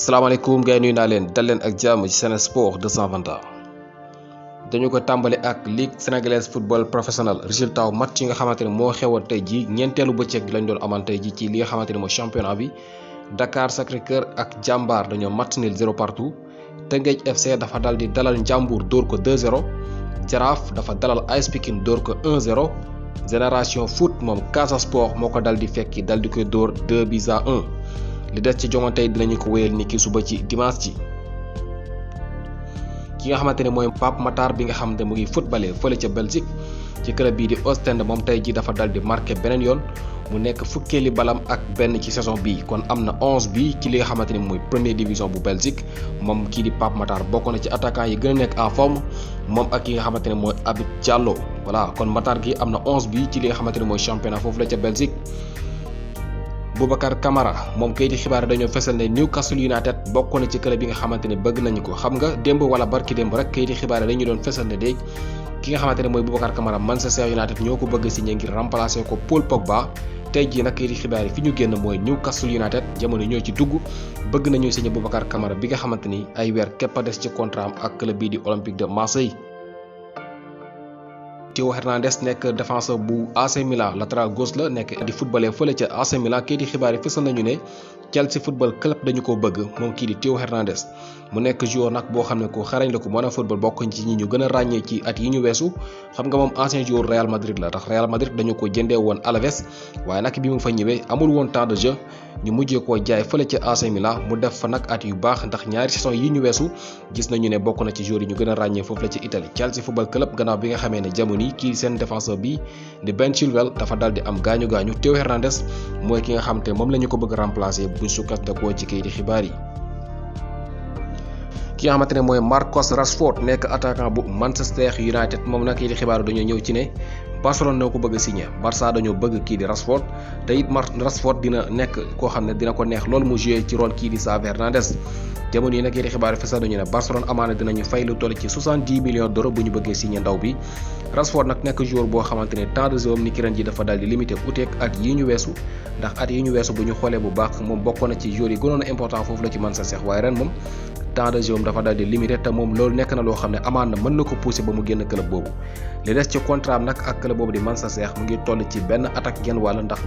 salaamaaleykum gars nuy naa leen dal leen ak jàmm ci Sen Sport 221 dañu ko tàmbali ak ligue sénégalaise football professionnel résultat wu match yi nga xamante ne moo xewoon tey jii ñeenteelu bëccëg bi lañ doon amal tey jii ci li nga xamante ne mooy championnat bi dakaar sacré kër ak Diambar dañoo matt nul zéro partout Teungueth FC dafa dal di dalal Ndiambour dóor ko 2-0 Jaraaf dafa dalal AS Pikine dóor ko 1 Génération Foot moom Casa Sport moo ko dal di fekki dal di koy dóor 2 buts di des ci jongante yi dinañu ko wéyal ni ki suba ci dimanche ji ki nga xamante ne mooy Pape Matar bi nga xam ne mu ngi footballé fële ca Belgique ci club bii di Ostende moom tey ji dafa dal di marqué beneen yoon mu nekk fukkeeli balam ak benn ci saison bii kon am na onze bii ci li nga xamante ne mooy première division bu Belgique moom kii di Pape Matar bokk na ci attaquant yi gën a nekk en forme moom ak ki nga xamante ne mooy Habib Diallo voilà kon Matar gi am na 11 bi ci li nga xamante ne mooy championnat foofu la ca Belgique. Boubacar Camara moom kayit xibaar dañoo fessel ne Newcastle United bokko na ci club yi nga xamante ne bëgg nañu ko xam nga démb wala barki démb rek kayit xibaar dañu doon fessel ne déeg ki nga Boubacar Camara Manchester United ñoo ko bëgg signé ngir remplacer ko Paul Pogba tey jii nag kayit xibaar fi ñu Newcastle United jamono ñoo ci dugg bëgg nañu signé Boubacar Camara bi nga xamante ni ay weer képp a ci contrat ak club di Olympique de Marseille Théo Hernandez nekk défenseur bu AC Milan latéral la nekk di footballeur fële ca AC Milan xibaar yi fësal nañu ne Chelsea football club dañu ko bëgg moom kii di Théo Hernandez mu nekk joueur nag boo xam ne ko xarañ la ko mën a football bokk ci ñu gën ràññee ci at yi ñu weesu xam nga moom ancien joueur Real Madrid la ndax Real Madrid dañu ko jëndee woon Alaves waaye nag bi mu fa ñëwee amul woon temps de yi ñu weesu ràññee foofu la ci Italie Chelsea ni kii seen défenseur bi di Ben Chilwell dafa daal di am gaañu gaañu Théo Hernandez mooy ki nga xam te moom la ñu ko bëgg remplacer buñ sukkandikoo ci kayiti xibaar yi. ki nga xamante ne mooy Marcus Rashford nekk attaquant bu Manchester United moom nag yi xibaaru dañoo ñëw ci ne Barcelone noo ko bëgg a signé Barça kii di Rashford te it Mar Rashford xam ne dina ko neex loolu mu ne Barcelone amaana dinañu fay lu toll ci 70 millions d'euros bu ñu bëggee signé ndaw bi Rashford nag nekk joueur boo xamante ne temps de jeu am ni ki ji dafa daal di limité at yi ñu weesu ndax at yi ñu weesu bu ñu xoolee bu baax moom bokkoon na ci joueur yi gënoon a important foofu la ci Manchester temps de jeu am dafa daal di limité te moom loolu nekk na loo xam ne amaan na mën na ko poussé ba mu génn club boobu li des ci contrat am ak club boobu di Manchester mu ngi toll ci benn at ak ndax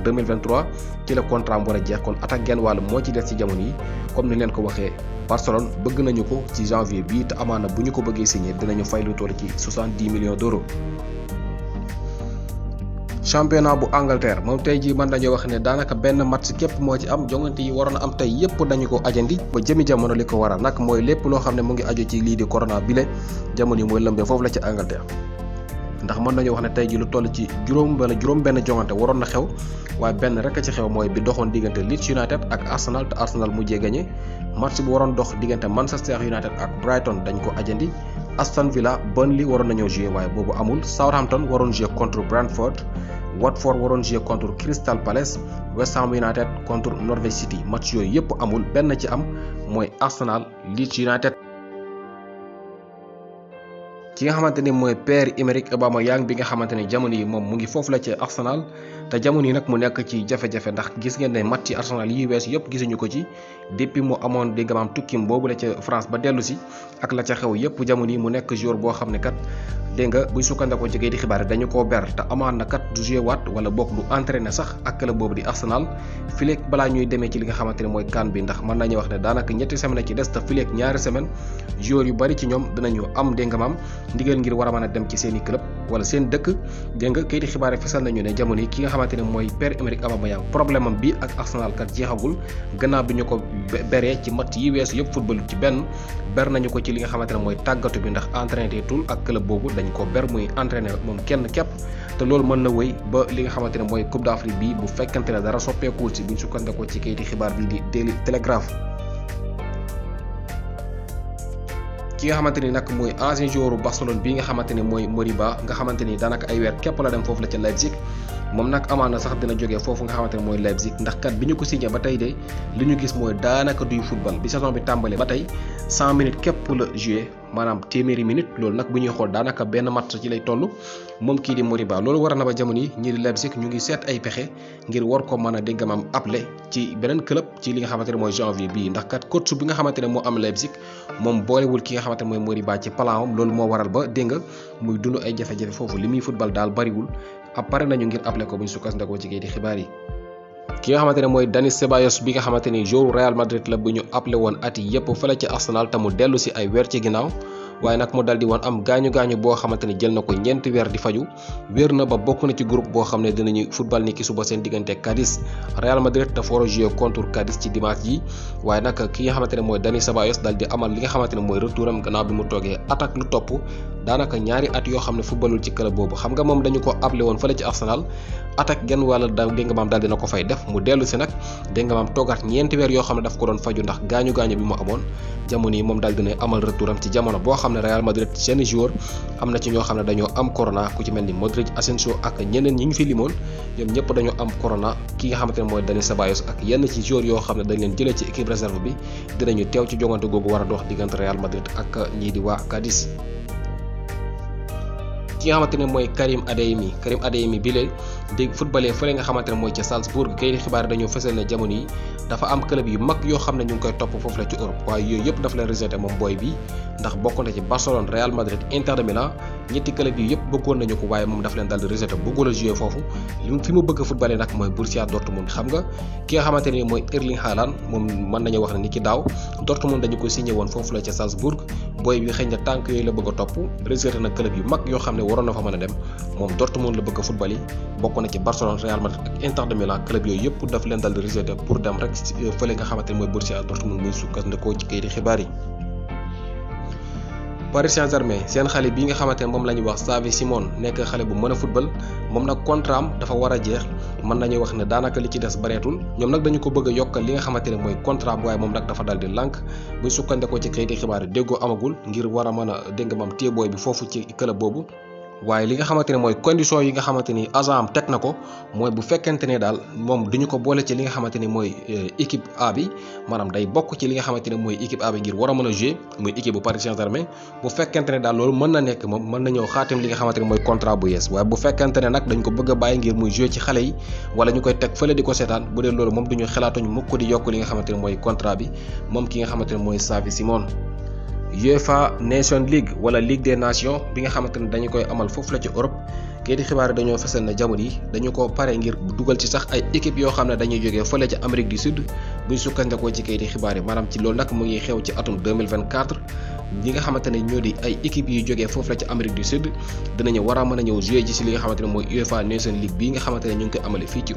ci la contrat am a jeex kon at ak moo ci des ci jamono yi comme ni leen ko waxee Barcelone bëgg nañu ko ci janvier bii te amaan bu ñu ko bëggee signé dinañu fay lu toll ci millions d'euros championnat bu Angleterre moom tey jii mën nañoo wax ne daanaka benn match képp moo ci am jongante yi waroon a am tey yépp dañu ko ajandi ba jëmi jamono li ko waral nag mooy lépp loo xam ne mu ngi aju ci lii di corona bile jamono yi mooy lëmbee foofu la ci Angleterre. ndax mën nañu wax ne tey jii lu toll ci juróom wala juróom benn jongante waroon na xew waaye benn rek a ci xew mooy bi doxoon diggante Leeds United ak Arsenal te Arsenal mujjee gagné match bu waroon dox diggante Manchester United ak Brighton dañ ko ajandi Aston Villa Burnley waroon nañoo jouer waaye boobu amul Southampton waroon jouer contre Brentford Watford waroon jouer contre Crystal Palace West Ham United contre Norwich City match yooyu yëpp amul benn ci am mooy Arsenal Leeds United. ci nga xamante ni mooy père Aymeric Aubameyang bi nga xamante ni jamono yi moom mu ngi foofu la ci Arsenal te jamono yi nag mu nekk ci jafe-jafe ndax gis ngeen ne match yi Arsenal yi wees yëpp gisuñu ko ci depuis mu amoon di gamaam tukkim boobu la ca France ba dellu si ak la ca xew yëpp jamono yi mu nekk joueur boo xam ne kat dégg nga buy sukkandakoo ci kay di xibaar dañu koo ber te amaan na kat du joué waat wala bokk du entraîné sax ak club boobu di Arsenal fileeg balaa ñuy demee ci li xamante ni mooy kan bi ndax mën nañu wax ne daanaka ñetti semaine ci des te fileeg ñaari semaine yu bari ci ñoom dinañu am dégg ndigal ngir war a mën a dem ci seen i club wala seen dëkk dégg nga kayiti xibaar yi fesal nañu ne jamono yi ki nga xamante ne mooy Pierre-Emerick Aubameyang problème am bi ak Arsenal jeexagul gannaaw bi ñu ko beree ci match yi weesu yëpp football ci benn ber nañu ko ci li nga xamante ne mooy tàggatu bi ndax entraîné tul ak club boobu dañ ko ber muy entraîné moom kenn képp te loolu mën na wéy ba li nga xamante ne mooy Coupe d'Afrique bi bu fekkante ne dara soppeekuwul si buñ sukkandekoo ci kayiti xibaar bi di Daily Telegraph ki nga xamante ni nag mooy ancien joueur Barcelone bi nga xamante ni mooy Moriba nga xamante ni daanaka ay weer képp la dem foofu la ca Leipzig moom nag amaana sax dina joge foofu nga xamante mooy Leipzig ndax kat bi ñu ko signé ba tey de li ñu gis mooy daanaka duy football bi saison bi tàmbalee ba tey 100 minutes képp la joué maanaam téeméeri minutes loolu nag bu ñuy xool daanaka benn match ci lay toll moom kii di Moriba loolu war na ba jamon yi ñii di Leipzig ñu ngi seet ay pexe ngir war ko mën a déggam am appelé ci beneen club ci li nga xamante ne mooy janvier bi ndax kat coach bi nga xamante ne moo am Leipzig moom boolewul ki nga xamante mooy Moriba ci plan am loolu moo waral ba dégg nga muy dund ay jafe foofu li muy football daal bariwul ab pare nañu ngir appelé ko buñ sukkandikoo ci kayiti xibaar yi. ki nga xamante mooy Dani Ceballos bi nga xamante ni Real Madrid la bu ñu appelé woon at yi yëpp ci Arsenal te mu dellu ay weer ci ginnaaw. waaye nag mu dal di am gaañu gaañu boo xamante jël na ko ñeenti weer di faju wér na ba bokk na ci groupe boo xam ne dinañu football ni ki suba seen diggante Cadiz Real Madrid dafa war a jouer ci dimanche ji waaye nag ki nga xamante daanaka ñaari at yoo xam ne footballul ci club boobu xam nga moom dañu ko ablé woon fële ci arsenal attaque genn wala dégg nga maam daal dina ko fay def mu dellu si nag dégg nga maam toogaat ñeenti weer yoo xam daf ko doon faju ndax gaañu gaañu bi mu amoon jamono yi moom daal dina amal retouram ci jamono boo xam real madrid seen jour am na ci ñoo xam ne am corona ku ci mel modric asensio ak ñeneen ñi ñu fi limoon ñoom ñëpp dañoo am corona ki nga xamante ne mooy dani sabayos ak yenn ci jour yoo xam ne dañ leen jëlee ci équipe réserve bi dinañu teew ci jongante googu war dox diggante real madrid ak ñii di waa cadiz ki nga xamante mooy Karim Adeyemi Karim Adeyemi bi leen di footballeur nga xamante mooy ca Salzbourg kay xibaar dañoo fësal ne jamono yi dafa am club yu mag yoo xam ne ñu ngi koy topp foofu la ci Europe waaye yooyu yëpp dafa leen rejeté moom booy bi ndax bokk na ci Barcelone Real Madrid Inter de Milan ñetti club yi yëpp bëggoon nañu ko waaye moom dafa leen daal di rejeté bëggul a joué foofu li fi mu bëgg a footballeur nag mooy Borussia Dortmund ne mooy Erling Haaland moom mën nañu wax ne ki daaw Dortmund dañu ko signé woon foofu la ca booy bi xëy na tànk yooyu la bëgg a topp réservé na club yu mag yoo xam ne waroon na fa mën a dem moom Dortmund la bëgg a football yi bokk na ci Barcelone Real Madrid ak Inter de Milan yooyu yëpp daf leen dal di pour dem rek euh, fële nga xamante ne mooy Borussia Dortmund muy sukkandikoo ci kayiti xibaar yi Paris Saint-Germain seen xale bi nga xamante ne moom la ñuy wax Xavi Simon nekk xale bu mën a football moom nag contrat am dafa war a jeex mën nañu wax ne daanaka li ci des bareetul ñoom nag dañu ko bëgg a yokkal li nga xamante ne mooy contrat waaye moom nag dafa dal di lànk buñ sukkandekoo ci kayiti xibaar yi déggoo amagul ngir war a mën a dégg moom téye booy bi foofu ci club boobu waaye li nga xamante ne mooy condition yi nga xamante ni agent am ko mooy bu fekkente ne daal moom duñu ko boole ci li nga xamante ni mooy eh, équipe bi maanaam day bokk ci li nga xamante ne mooy équipe A ngir war a mën a jouer muy équipe bu Paris Saint-Germain bu fekkente ne daal loolu mën na nekk moom mën na ñëw xaatim li nga xamante ne mooy contrat bu yees waaye bu fekkente ne nag dañ ko bëgg a bàyyi ngir muy jouer ci xale yi wala ñu koy teg fële di ko seetaan bu dee loolu moom duñu xalaatuñ mukk di yokk li nga xamante ne mooy contrat bi moom xamante ne mooy Xavi Simone UEFA Nation League wala Ligue des Nations bi nga xamante ne dañu koy amal foofu la ci Europe kii di xibaar dañoo fesal na jamono yi dañu ko pare ngir dugal ci sax ay équipe yoo xam ne dañuy jógee fële ca Amérique du Sud buñ sukkandikoo ci kii di xibaar yi maanaam ci loolu nag mu ngi xew ci atum 2024 nga xamante ne ñoo di ay équipe yu jógee foofu la ca Amérique du Sud dinañu war a mën a ñëw jouer ji si li nga xamante ne mooy UEFA Nation League bii nga xamante ñu ngi koy amale fii ci